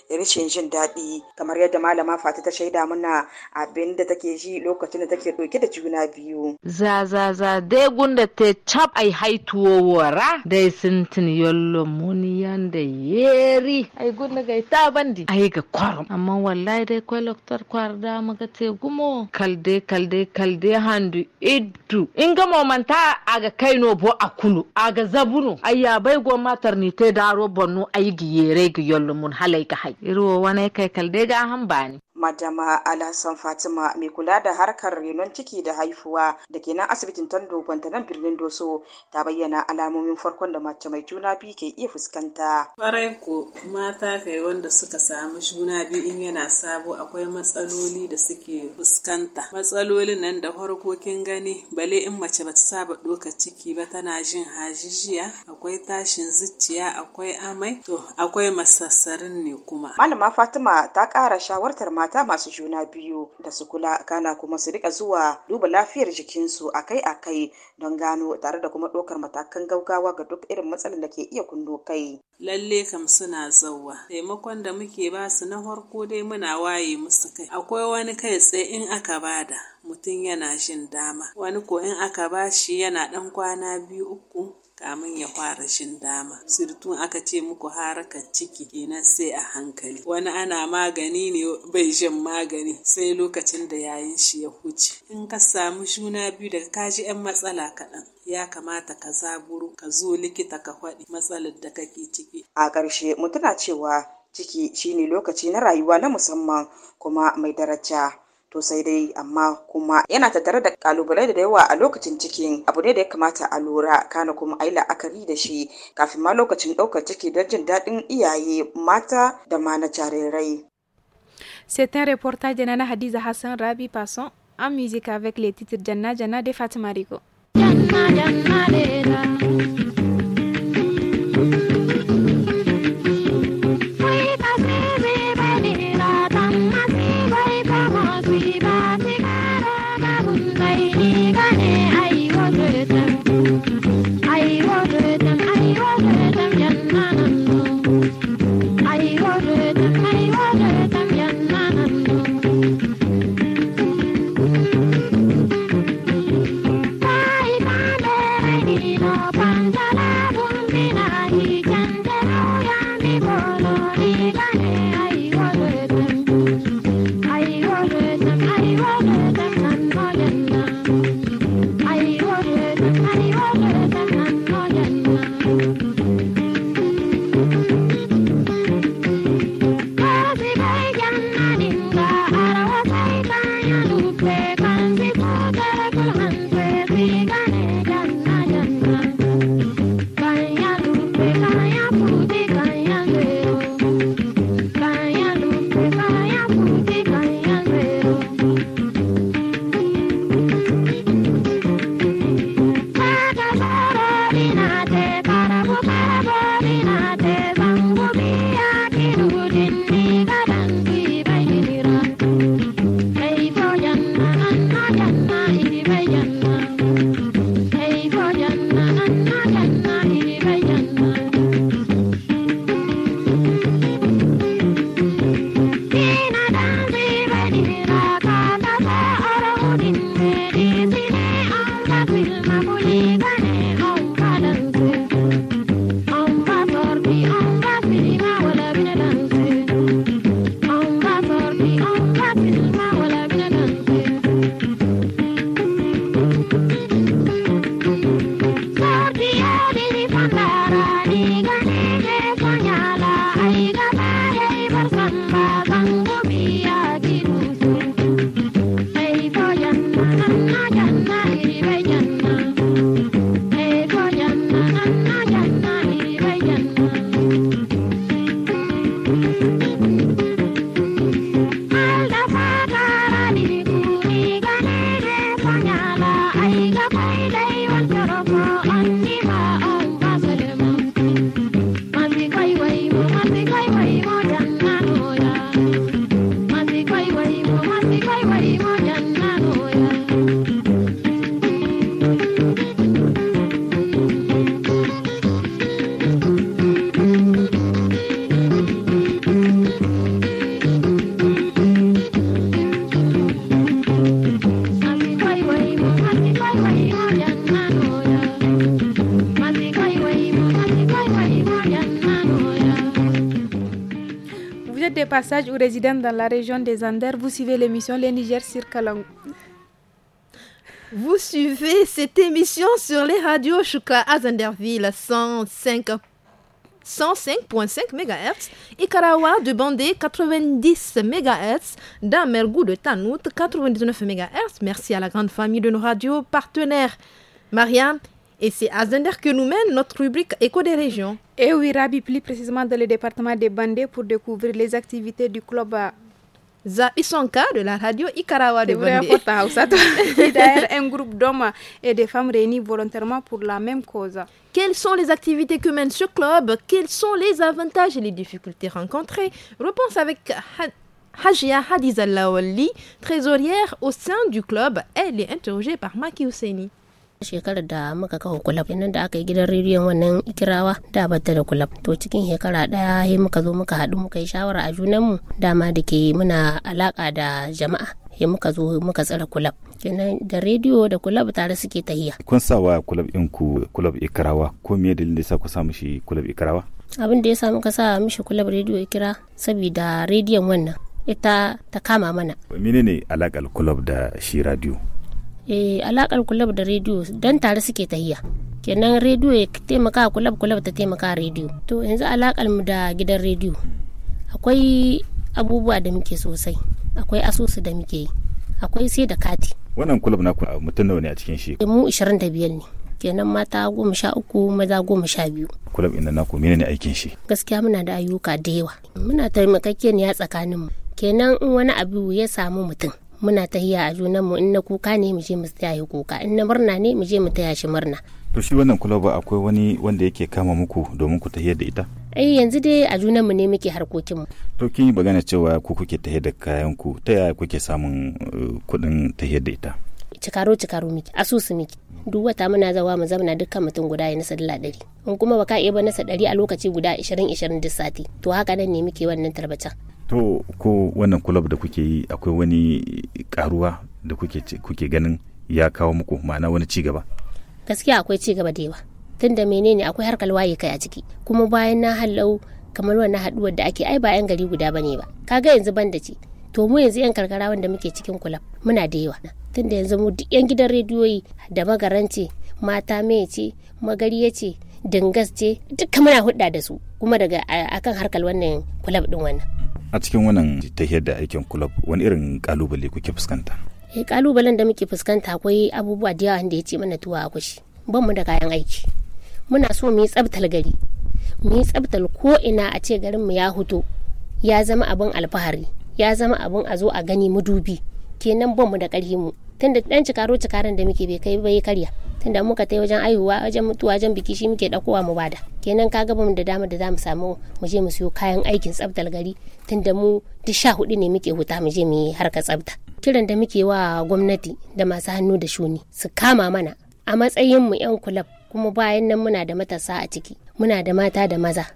rashin jin daɗi kamar yadda malama fati ta shaida mana abin da take ji lokacin da take ɗauke da juna biyu. za za za dai gunda ta cap ai haituwo wara dai tun yallo muniyan da yeri ai gunda gai ta bandi ai ga kwar amma wallahi dai kwai loktar kwar da muka te gumo kalde kalde kalde handu iddu in ga momanta aga kaino bo a akulu aga zabuno ayya bai goma tarnite da robon nu ay giyere giyol mun halay ka hay irwo wane kai kalde ga han bani madama alhassan fatima mai kula da harkar renon ciki da haifuwa da ke nan asibitin tando nan birnin doso ta bayyana alamomin farkon da mace mai juna biyu ke iya fuskanta farai ko mata kai wanda suka samu juna biyu in yana sabo akwai matsaloli da suke fuskanta matsalolin nan da harkokin gani bale in mace bata saba doka ciki ba tana jin hajijiya akwai tashin zuciya akwai amai to akwai masassarin ne kuma malama fatima ta kara shawartar mata mata masu juna biyu da su kula kana kuma su rika zuwa duba lafiyar jikinsu akai-akai don gano tare da kuma ɗaukar matakan gaugawa ga duk irin matsalar da ke iya kundo kai. Lalle kam suna zauwa. Taimakon da muke ba su na farko dai muna waye musu kai. Akwai wani kai tsaye in aka bada mutum yana jin dama. Wani ko in aka ba shi yana ɗan kwana biyu uku kamun ya fara shin dama sirtu aka ce muku harakan ciki kenan sai a hankali wani ana magani ne bai shan magani sai lokacin da yayin shi ya huce in ka samu juna biyu daga kaji yan matsala kaɗan ya kamata ka zaburo ka zo likita ka faɗi matsalar da kake ciki a ƙarshe mutuna cewa ciki shine lokaci na rayuwa na musamman kuma mai daraja to sai dai amma kuma yana tattare da kalubale da yawa a lokacin cikin abu ne da ya kamata a lura kana kuma a la'akari da shi kafin ma lokacin ɗaukar ciki don jin daɗin iyaye mata da ma na jarirai. C'est un reportage na na Hadiza Hassan Rabi Passon en musique avec les titres Janna Janna de Fatima Rigo. Thank you. ou dans la région des Anders, vous suivez l'émission Les Niger sur Vous suivez cette émission sur les radios Chouka à 105. 105.5 MHz, Ikarawa de Bandé 90 MHz, Damergou de Tanout 99 MHz. Merci à la grande famille de nos radios partenaires. Marianne. Et c'est à Zender que nous mène notre rubrique Écho des régions. Et oui, Rabi, plus précisément dans le département des Bandés pour découvrir les activités du club à euh, de la radio Ikarawa de Bandé. D'ailleurs, un groupe d'hommes et de femmes réunis volontairement pour la même cause. Quelles sont les activités que mène ce club Quels sont les avantages et les difficultés rencontrées Réponse avec Hajia Hadiza trésorière au sein du club. Elle est interrogée par Maki Ousseini. shekarar da muka kawo kulab nan da aka yi gidan rediyon wannan kirawa da batta da kulab to cikin shekara daya sai muka zo muka haɗu muka yi shawara a junanmu dama da ke muna alaka da jama'a ya muka zo muka tsara kulab kenan da rediyo da kulab tare suke tahiya kun wa kulab in ku kulab ikirawa ko me dalilin da sa ku sa mishi kulab ikirawa abin da ya sa muka sa mishi kulab rediyo ikira saboda rediyon wannan ita ta kama mana menene alakar kulab da shi radiyo eh alakar kulab da rediyo dan tare suke tahiya kenan rediyo ya taimaka kulab kulab ta taimaka rediyo to yanzu alakar mu da gidan rediyo akwai abubuwa da muke sosai akwai asusu da muke yi akwai sai da kati wannan kulab na mutum nawa ne a cikin shi eh, mu 25 ne kenan mata goma sha uku maza goma sha biyu. Kulab ina naku mene ne aikin shi? Gaskiya muna da ayyuka da yawa. Muna tsakanin mu. Kenan in wani abu ya samu mutum muna tahiya a junan mu in na kuka ne mu je mu tsaya yi kuka in na murna ne mu je mu taya shi murna to shi wannan kulaba akwai wani wanda yake kama muku domin ku tahiyar da ita ai eh, yanzu dai a junan mu ne muke harkokin mu to kin yi magana cewa ku kuke tahiyar da kayan ku ta yaya kuke samun eh, kuɗin tahiyar da ita cikaro cikaro miki asusu miki duk wata muna zawa mu zamana dukkan mutum guda ya nasa dala ɗari in kuma baka iya ba nasa ɗari a lokaci guda ishirin ishirin duk sati to haka nan ne muke wannan tarbacin to ko wannan kulab da kuke yi akwai wani karuwa da kuke ganin ya kawo muku ma'ana wani ci gaskiya akwai ci gaba da yawa tunda menene akwai harkar waye kai a ciki kuma bayan na halau kamar wannan haduwar da ake ai ba yan gari guda bane ba kaga yanzu banda ce to mu yanzu yan karkara wanda muke cikin kulab muna da yawa tunda yanzu mu duk yan gidan rediyoyi da magaranci mata mai ce magariya ce dangas ce duka muna hudda da su kuma daga akan harkar wannan kulab din wannan a cikin wannan tahiyar da aikin club wani irin kalubale kuke fuskanta eh kalubalen da muke fuskanta akwai abubuwa da yawa da ya ce mana tuwa a kushi ban mu da kayan aiki muna so mu yi tsabtal gari mu yi tsabtal ko ina a ce garin mu ya huto ya zama abin alfahari ya zama abin a zo a gani mudubi kenan ban mu da ƙarfi mu tunda dan cikaro cikaran da muke bai kai bai karya tunda muka tai wajen aihuwa wajen mutuwa wajen biki shi muke dakowa mu bada kenan ka ga mu da dama da zamu samu mu je mu siyo kayan aikin tsaftar gari tunda mu duk sha hudu ne muke huta mu je mu yi harkar tsafta kiran da muke wa gwamnati da masu hannu da shuni su kama mana a matsayin mu yan kulab kuma bayan nan muna da matasa a ciki muna da mata da maza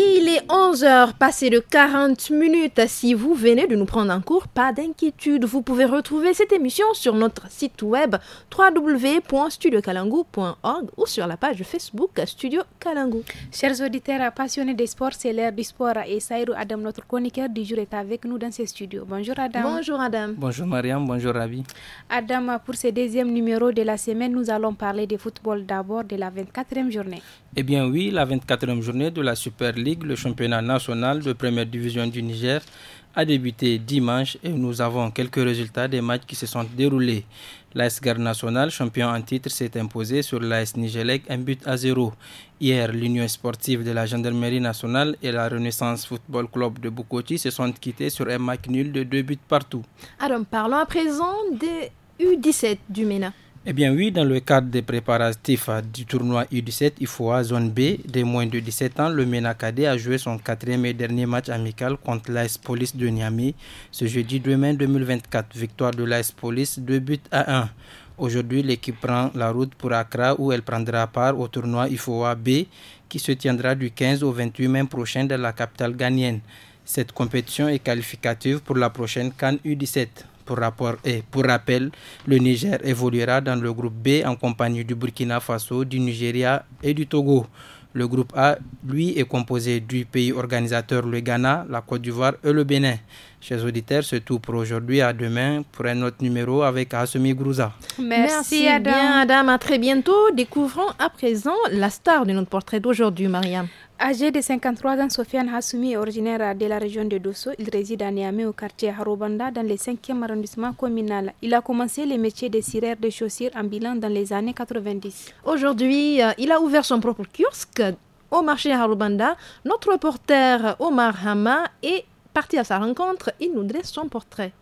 Il est 11h, passé de 40 minutes. Si vous venez de nous prendre en cours, pas d'inquiétude. Vous pouvez retrouver cette émission sur notre site web www.studiocalango.org ou sur la page Facebook Studio Kalangu. Chers auditeurs passionnés des sports, c'est l'heure du sport et Saïrou Adam, notre chroniqueur du jour, est avec nous dans ce studios. Bonjour Adam. Bonjour Adam. Bonjour Mariam, bonjour Ravi. Adam, pour ce deuxième numéro de la semaine, nous allons parler de football d'abord de la 24e journée. Eh bien oui, la 24e journée de la Super League, le championnat national de première division du Niger, a débuté dimanche et nous avons quelques résultats des matchs qui se sont déroulés. L'AS Garde Nationale, champion en titre, s'est imposé sur l'AS Nigelec un but à zéro. Hier, l'Union sportive de la Gendarmerie nationale et la Renaissance Football Club de Bukoti se sont quittés sur un match nul de deux buts partout. Alors parlons à présent des U17 du MENA. Eh bien oui, dans le cadre des préparatifs euh, du tournoi U17 IFOA Zone B des moins de 17 ans, le Ménacadé a joué son quatrième et dernier match amical contre l'AS Police de Niamey ce jeudi 2 mai 2024. Victoire de l'AS Police 2 buts à 1. Aujourd'hui, l'équipe prend la route pour Accra où elle prendra part au tournoi IFOA B qui se tiendra du 15 au 28 mai prochain dans la capitale ghanéenne. Cette compétition est qualificative pour la prochaine Cannes U17. Pour, et eh, pour rappel, le Niger évoluera dans le groupe B en compagnie du Burkina Faso, du Nigeria et du Togo. Le groupe A, lui, est composé du pays organisateur, le Ghana, la Côte d'Ivoire et le Bénin. Chers auditeurs, c'est tout pour aujourd'hui. À demain pour un autre numéro avec Asumi Grouza. Merci, bien, Adam. À très bientôt. Découvrons à présent la star de notre portrait d'aujourd'hui, Mariam. Âgé de 53 ans, Sofiane Hassoumi est originaire de la région de Dosso. Il réside à Niamey au quartier Harobanda dans le 5e arrondissement communal. Il a commencé les métiers de cireur de chaussures en bilan dans les années 90. Aujourd'hui, euh, il a ouvert son propre kiosque au marché Harobanda. Notre reporter Omar Hama est parti à sa rencontre. Il nous dresse son portrait.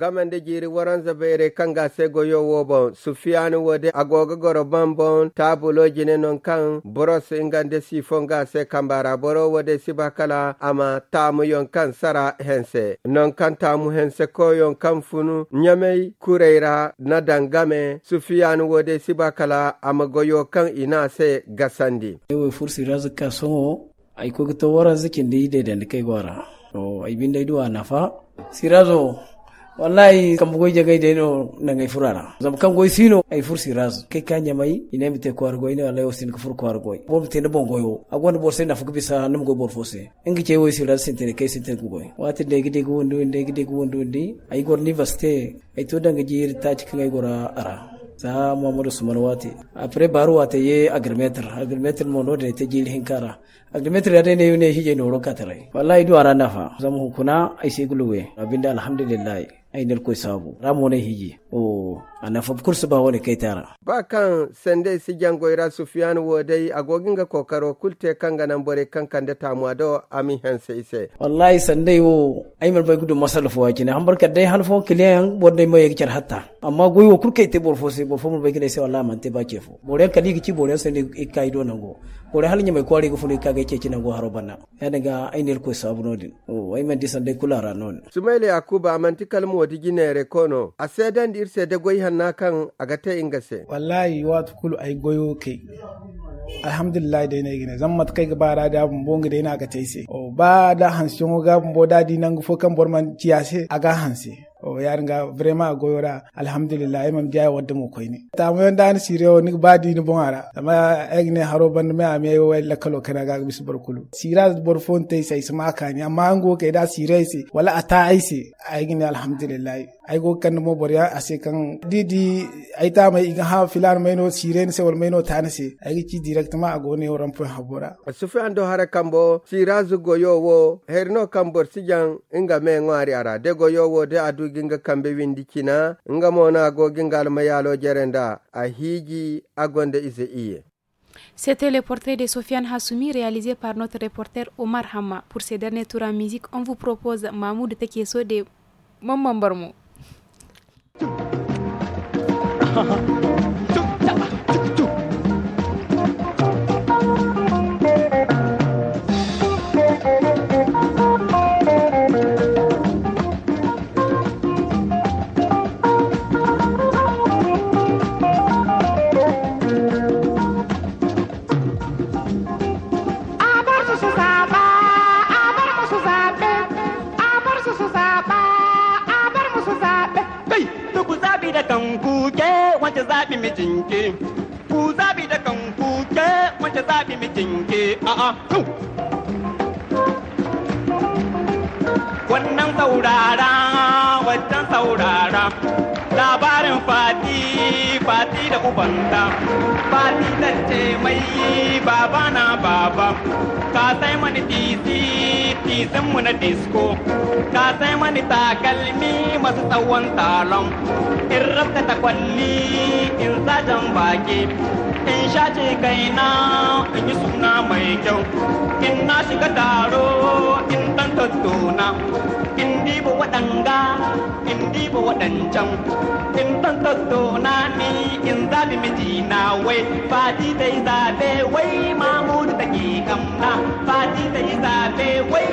gamande jiri waranza bere kanga sego yo wobon sufiyanu wode agogo goro bambon tabulo jine non kan boros ingande si fonga se kambara boro wode sibakala ama tamu yon kan sara hense non kan tamu hense ko yon kan funu nyamei kureira na dangame sufiyanu wode sibakala ama goyo kan ina se gasandi ewe fursi razika songo ay ko to wara zikin de ide den kai gora o ay bin duwa nafa sirazo wallahi kam goy jagay de no nangay furara zam kam goy sino ay fursi raz ke ka mai ina mite ko argoy ne wallahi osin ko fur ko argoy bom te ne bongo yo agon bor sen afuk bisa num go bor fose ingi che woy siraz sen tere kay sen tere goy wati de gide go wonde de gide go de ay gor ni vaste ay to danga jir ta ci ay gora ara ta muhammadu suman wati apre baru wate ye agrimeter agrimeter mo no de te jil kara agrimeter ya ne ne hije no katare wallahi do ara nafa zamu hukuna ai sai guluwe abinda alhamdulillah ainihin koy sabu ramone hiji o a fa kursu ba wani kai tara ba kan sende si jangoira wo dai agogin ga kokaro kulte kan ga nan bore kan kan da tamuwa do amin han sai sai wallahi sende wo ai mar bai gudu masalafu wa kina han barka dai han fo kiliyan bodai mai yakar hatta amma goyi wo kurkai te borfo sai borfo mun bai kina sai wallahi man te ba kefo bore kan ki ci bore sai ne kai do nan go kore hal nyamai kwari ko fulu kage ke kinan go harobana ya daga ainel ko no din o ay man disan de kulara non sumaila yakuba amanti kalmu wadi ginere kono a sedan dir se de goy hanna kan aga te ingase wallahi wa kulu ay goyo ke alhamdulillah dai ne gine zan mat kai ga bara da bun bonga dai na ga taise o ba da hansi ga bun bo dadi nan fo kan borman tiyase aga hanse. yaringa vraiment goyora alhamdulillah imam jay wadde mo koyni mo yon dani sireo ni badi ni bonara ma egne haro band me amey ayo wala kalo kana ga bis barkulu sira bor fonte sai sama kan amma ango ke da siresi wala ata aisi egne alhamdulillah aygo kan mo borya ase didi aita mai Filar ha filan mai no sirene se wal mai no ci directement agone woran point habora sufi ando hara kambo sira zugo wo herno kambor sijan inga me ngwari ara de go wo de adu ginga kambe windi kina go gingal mayalo jerenda a hiji agonde ise iye C'était le portrait de Sofiane Hassoumi réalisé par notre reporter Omar Hamma Pour ces derniers tour en musique, on vous propose Mahmoud Tekieso de Mamambarmo. Ha ha ha. saurara wajen saurara labarin fati fati da ubanta fati ta ce mai baba na baba ka sai mani tisi tisinmu mu na disko ka sai mani takalmi masu tsawon talon in rafka ta kwalli in zajen baki in sha kai na, in yi suna mai kyau in na shiga taro in dan in diba waɗanga in diba in ɗan na in zaɓi mijina wai fati ta yi zaɓe wai mamudu ta ke kamna fati ta yi zaɓe wai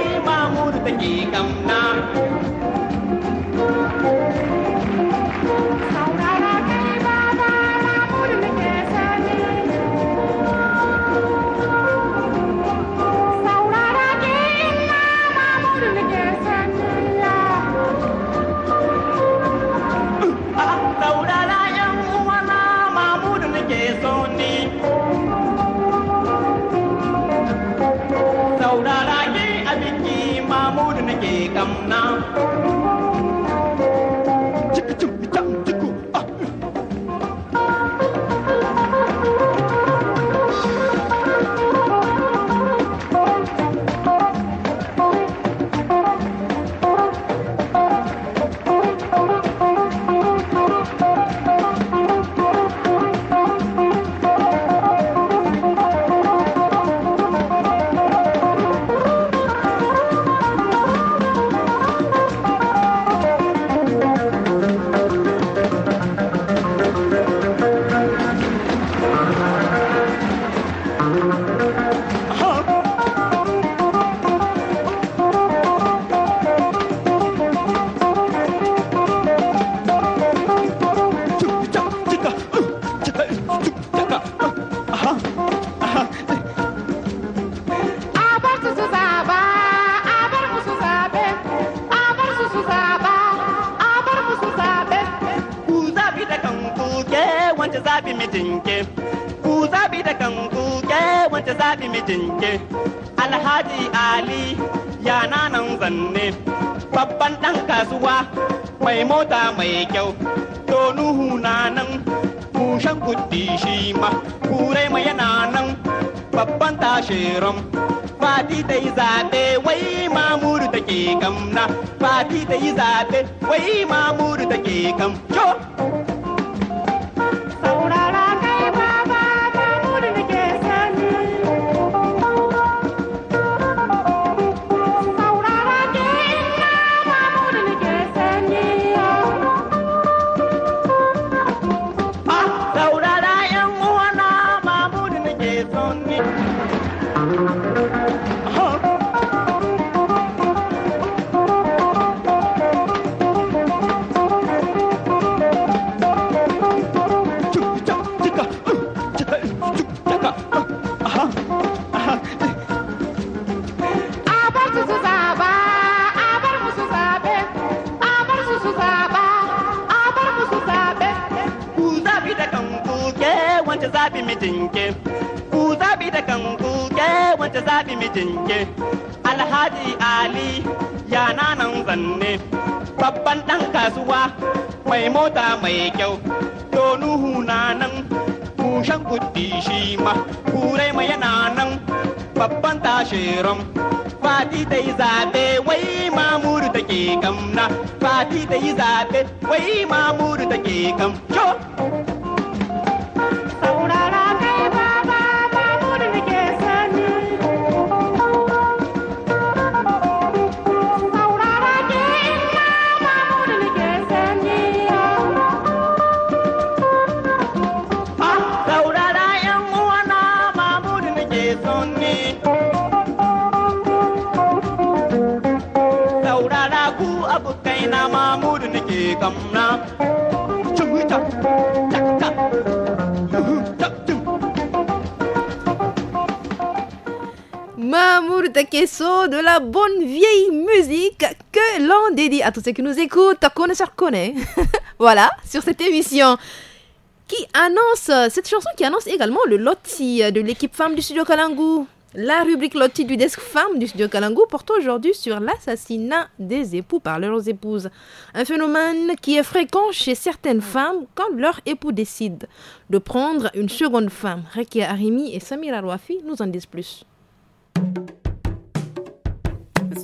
一三一三。zaɓi mijinke alhaji ali ya nanan zanne babban ɗan kasuwa mai mota mai kyau to nuhu na nan kuɗi shi ma kurai mai yana nan babban tashiram fati ta yi zaɓe wai mamuru take gamna fati ta yi zaɓe wai mamuru take kam. de la bonne vieille musique que l'on dédie à tous ceux qui nous écoutent, qu'on se reconnaît. voilà, sur cette émission qui annonce, cette chanson qui annonce également le loti de l'équipe femme du studio Kalangu. La rubrique loti du desk femme du studio Kalangu porte aujourd'hui sur l'assassinat des époux par leurs épouses. Un phénomène qui est fréquent chez certaines femmes quand leur époux décide de prendre une seconde femme. Rekia Arimi et Samira Rouafi nous en disent plus.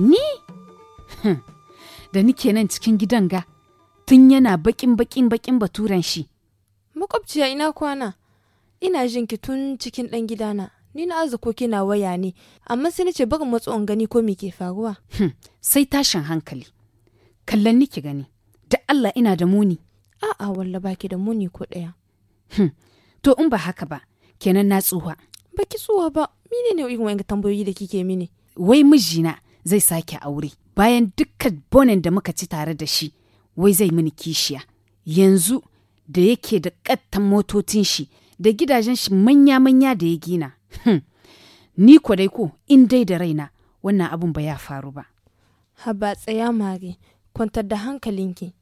Ni? da nike nan cikin gidan ga, tun yana bakin bakin bakin baturen shi. Makwabciya ina kwana, ina jin ki tun cikin ɗan gidana, ni na arziko kina waya ne, amma sai nace barin matso in gani ko me ke faruwa. sai tashin hankali. Kallon niki gani, da Allah ina da muni. A'a walla baki da muni ko ɗaya. to in ba haka ba, kenan na tsuwa. Baki tsuwa ba, mine ne irin wa'in tambayoyi da kike mini? Wai mijina, zai sake aure bayan dukkan bonin da muka ci tare da shi wai zai mini kishiya yanzu da yake da kattan motocin shi da gidajen shi manya-manya da ya gina hmm. ni ko dai ko in dai da raina wannan abun ba ya faru ba haba tsaya mare kwantar da hankalinki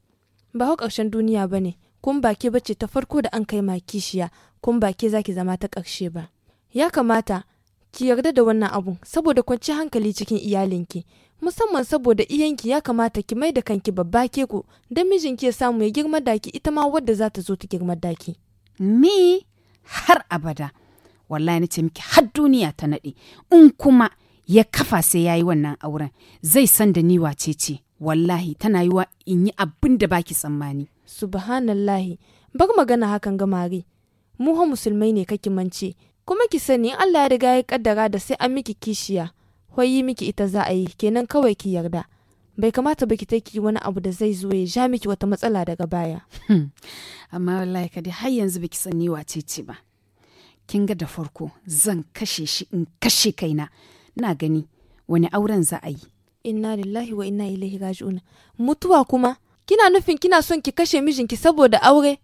ba hau ƙarshen duniya ba ne kun baki bace ta farko da an kai ma kishiya kun baki zaki zama ta ƙarshe ba ya kamata ki yarda da wannan abun saboda kwanci hankali cikin iyalinki musamman saboda iyanki ya kamata ki mai da kanki babba ke ku don mijinki ya samu ya girma daki ita ma wadda za ta zo ta girma daki. Ni har abada wallahi na ce miki har duniya ta naɗe in kuma ya kafa sai yayi wannan auren zai san da ni wace ce wallahi tana yiwa in yi abin da baki tsammani. Subhanallahi bar magana hakan ga mari mu musulmai ne kake mance kuma ki sani Allah ya riga ya kaddara da sai an miki kishiya yi miki ita za a yi kenan kawai ki yarda bai kamata ba ki ta wani abu da zai zo ya ja miki wata matsala daga baya hmm. amma wallahi ka dai har yanzu baki sani wace ce ba kin ga da farko zan kashe shi in kashe kaina na gani wani auren za a yi inna lillahi wa inna ilaihi raji'un mutuwa kuma kina nufin kina son ki kashe mijinki saboda aure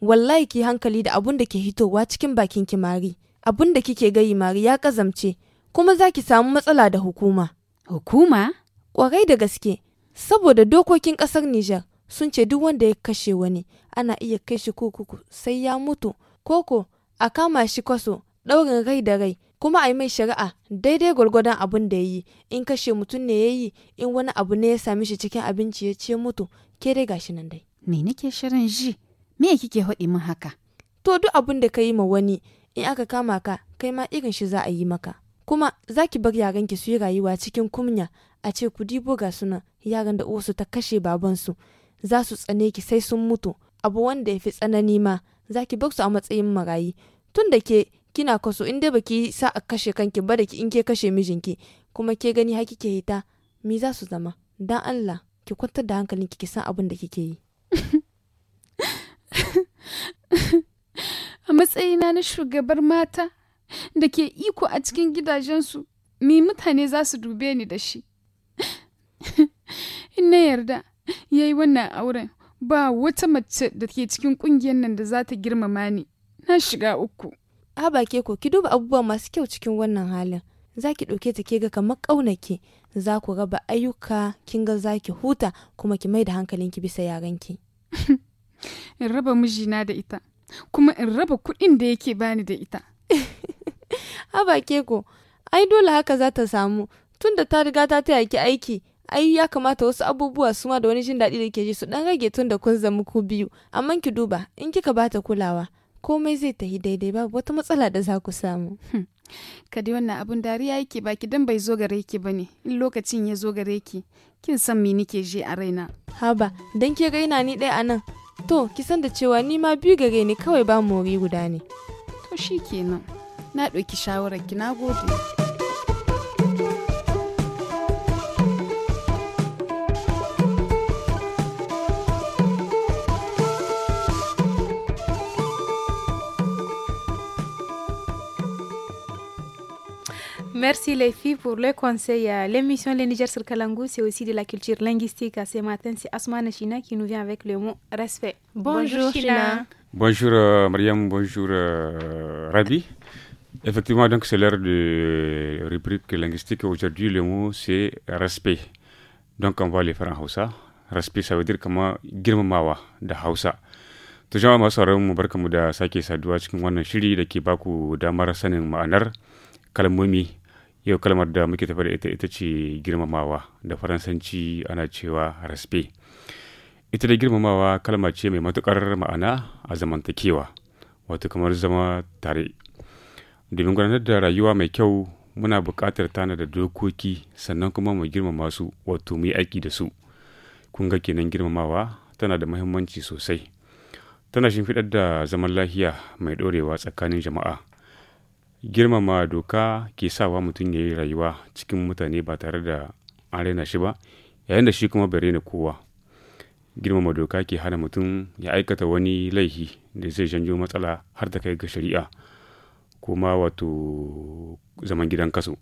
wallahi ki hankali da abun da ke hitowa cikin bakin ki mari abin da kike gayi mari ya kazamce kuma za ki samu matsala da hukuma. Hukuma? Kwarai da gaske, saboda dokokin ƙasar Nijar sun ce duk wanda ya kashe wani ana iya kai shi kurkuku sai ya mutu, koko a kama shi kwaso ɗaurin rai da rai kuma a yi mai shari'a daidai gwargwadon abin da ya yi in kashe mutum ne ya yi in wani abu ne ya sami shi cikin abinci ya ce mutu ke dai gashi nan dai. Me nake shirin ji? Me kike haɗi min haka? To duk abin da ka yi ma wani in aka kama ka kai ma irin shi za a yi maka kuma za ki bar ki su yi rayuwa cikin kunya a ce ku dibo ga suna yaran da uwarsu ta kashe babansu za su tsane ki sai sun mutu abu wanda ya fi tsanani ma za ki bar su a matsayin marayi tun da ke kina kaso in dai baki sa a kashe kanki ba da ki in ke kashe mijinki kuma ke gani haki ke hita mi za su zama dan Allah ki kwantar da hankalinki ki san abin da kike yi A matsayina na shugabar mata da ke iko a cikin gidajensu, ni mutane za su dube ni da shi. In na yarda, ya yi wannan auren ba wata mace da ke cikin ƙungiyar nan da za ta girmama ni. Na shiga uku. a ke ko ki duba abubuwa masu kyau cikin wannan halin. Za ki ɗauke ta ke ga kamar ƙaunake, za ku raba ayyuka, kin ga za ki huta kuma ki mai da hankalinki bisa yaranki. In raba mijina da ita. kuma in raba kuɗin da yake bani da ita. Haba keko, ai dole haka za ta samu tunda ta riga ta taya ki aiki. Ai ya kamata wasu abubuwa suma da wani jin daɗi da ke ji su ɗan rage tun da kun zama ku biyu, amma ki duba in kika bata kulawa komai zai tahi daidai babu wata matsala da za ku samu. Hmm. Kadi wannan abun dariya yake baki dan bai zo gare ki bane in lokacin ya zo gare ki kin san me nike je a raina. Haba dan ke ga ni ɗaya a nan To, ki san da cewa ni ma biyu gare ni kawai ba mori guda ne. To shi kenan. Na ɗauki shawarar ki na gode. Merci les filles pour le conseil. L'émission Les Niger sur Kalangou, c'est aussi de la culture linguistique. Ce matin, c'est Asma Shina qui nous vient avec le mot respect. Bonjour, Shina. Bonjour euh, Mariam, bonjour euh, Rabi. Effectivement, donc c'est l'heure de rubrique linguistique. Aujourd'hui, le mot c'est respect. Donc on va les faire en Hausa. Respect, ça veut dire comment girmamawa de Hausa. To jama'a masu mu barkamu da sake saduwa cikin wannan shiri da ke baku et sanin ma'anar kalmomi yau kalmar da muke tafa da ita ita ce girmamawa da faransanci ana cewa raspe ita da girmamawa kalma ce mai matukar ma'ana a zamantakewa wato kamar zama tare domin gudanar da rayuwa mai kyau muna buƙatar tana da dokoki sannan kuma mu girmama su wato mu aiki da su kun ga kenan girmamawa tana da muhimmanci sosai tana shimfiɗar da zaman lahiya mai ɗorewa tsakanin jama'a girmama doka ke sawa mutum ya yi rayuwa cikin mutane ba tare da an raina shi ba yayin da shi kuma bai raina kowa girmama doka ke hana mutum ya aikata wani laihi da zai janjo matsala har da kai ga shari'a kuma wato zaman gidan kaso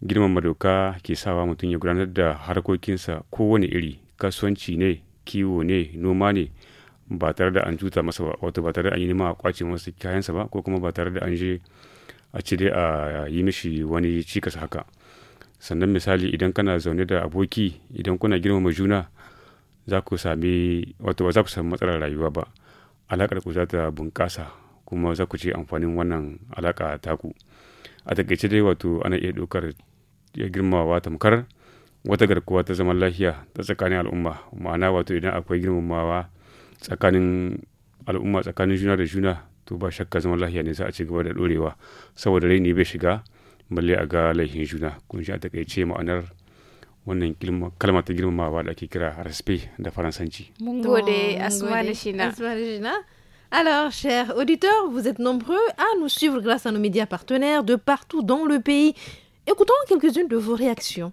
girmama doka ke sawa mutum ya gudanar da harkokinsa kowane iri kasuwanci ne kiwo ne noma ne ba tare da an cuta masa ba wato ba tare da an yi ma a kwace masa kayansa ba ko kuma ba tare da an je a cire a yi mishi wani cikas haka sannan misali idan kana zaune da aboki idan kuna girmama juna za ku sami wato ba za ku sami matsalar rayuwa ba alaƙar ku za ta bunƙasa kuma za ku ci amfanin wannan alaƙa taku a takaice dai wato ana iya ɗaukar ya girmamawa tamkar wata garkuwa ta zaman lafiya ta tsakanin al'umma ma'ana wato idan akwai girmamawa tsakanin al'umma tsakanin juna da juna to ba shakka zaman lafiya ne za a ci gaba da dorewa saboda raini bai shiga balle a ga laifin juna kun shi a takaice ma'anar wannan kalmar ta girmamawa da ake kira respect da faransanci. Mun gode Asma da Alors, chers auditeurs, vous êtes nombreux à nous suivre grâce à nos médias partenaires de partout dans le pays. Écoutons quelques-unes de vos réactions.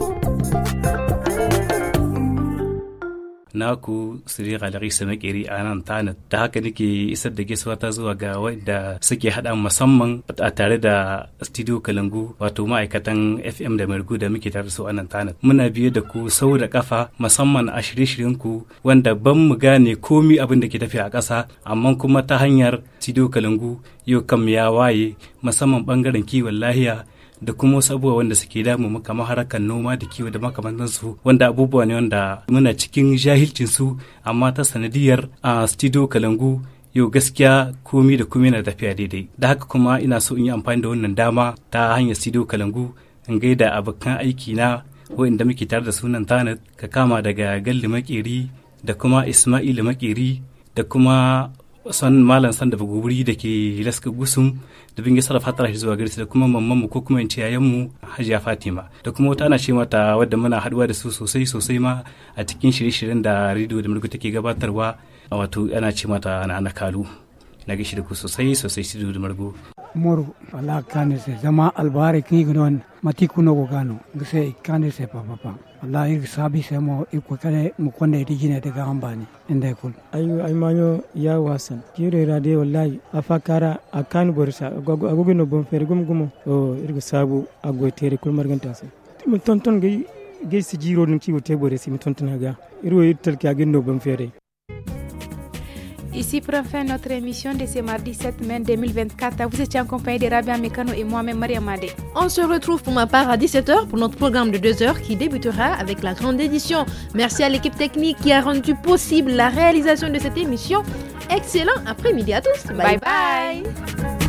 naku sirri galarisa makeri a nan tanit da haka nake isar da gaisuwa ta zuwa ga wanda suke hada musamman a tare da studio kalangu wato ma'aikatan fm da margu da muke tare su a nan muna biye da ku sau da kafa musamman a shirye-shiryen ku wanda ban mu gane komi abin da ke tafiya a ƙasa amma kuma ta hanyar studio kalangu yau kam ya waye musamman bangaren kiwon lahiya da kuma wasu abubuwa wanda suke damu mu maharakan noma da kiwo da makamantan su wanda abubuwa ne wanda muna cikin jahilcin su amma ta sanadiyar a studio kalangu yau gaskiya komi da komi na tafiya daidai da haka kuma ina so in yi amfani da wannan dama ta hanyar studio kalangu in gaida abokan aiki na wa'inda muke tare da sunan tanat ka kama daga galli makeri da kuma ismail makeri da kuma san malam san da buguburi da ke laska gusum da bin gisar fatara shi zuwa garisi da kuma mamman mu ko kuma in yayan mu hajiya fatima da kuma wata ana ce mata wadda muna haduwa da su sosai sosai ma a cikin shirye-shiryen da rediyo da mulki take gabatarwa wato ana ce mata na kalu na gaishe da ku sosai sosai su da margo moru ala kane sai zama albare kingi gnon mati kuno ko gano sai kane se papa pa ala ir sabi sai mo ir ko kane mu konde di jine an bani inda inde kul ayu ay manyo ya wasan kire rade wallahi kan akan a agogo no bon fere gum gum o ir sabu agotere kul marganta se mun ton ton gai gei si jiro dum ci wote bore si mun tonton a ga iri wo ir a ka gendo bon fere Ici pour fin notre émission de ce mardi 7 mai 2024. Vous étiez en compagnie de Rabia Mekano et moi-même Maria Amade. On se retrouve pour ma part à 17h pour notre programme de 2h qui débutera avec la grande édition. Merci à l'équipe technique qui a rendu possible la réalisation de cette émission. Excellent après-midi à tous. bye. bye.